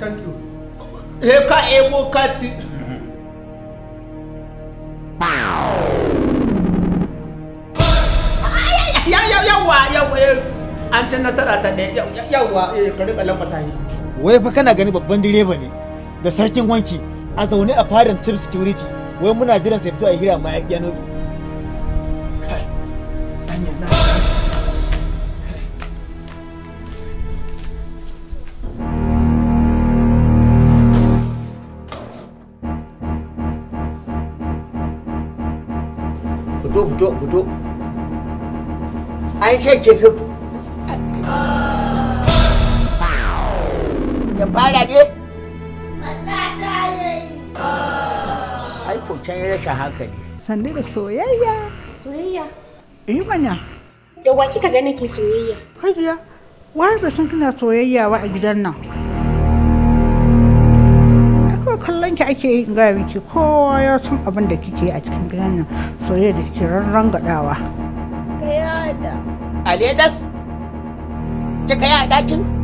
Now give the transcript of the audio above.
thank you he ka ebo ka wa yawa yawa eh, an can nasara ta ɗaya yawa eh, ka riƙa lambata yi wai fa kana gani babban direba ne da sarkin wanki a zaune a farin chief security wai muna jiran sai fito a hira ma ya ƙiya noki fito fito fito an ce ke fito ya fara ne ai ko can rashin hankali sande da soyayya soyayya eh mana da wa kika ga nake soyayya hajiya wai da sun kina soyayya wa a gidan nan kike gaya miki kowa ya san abin da kike a cikin gidan nan soyayya da kike rarran gadawa. Ka yada. Aledas? Kika yi a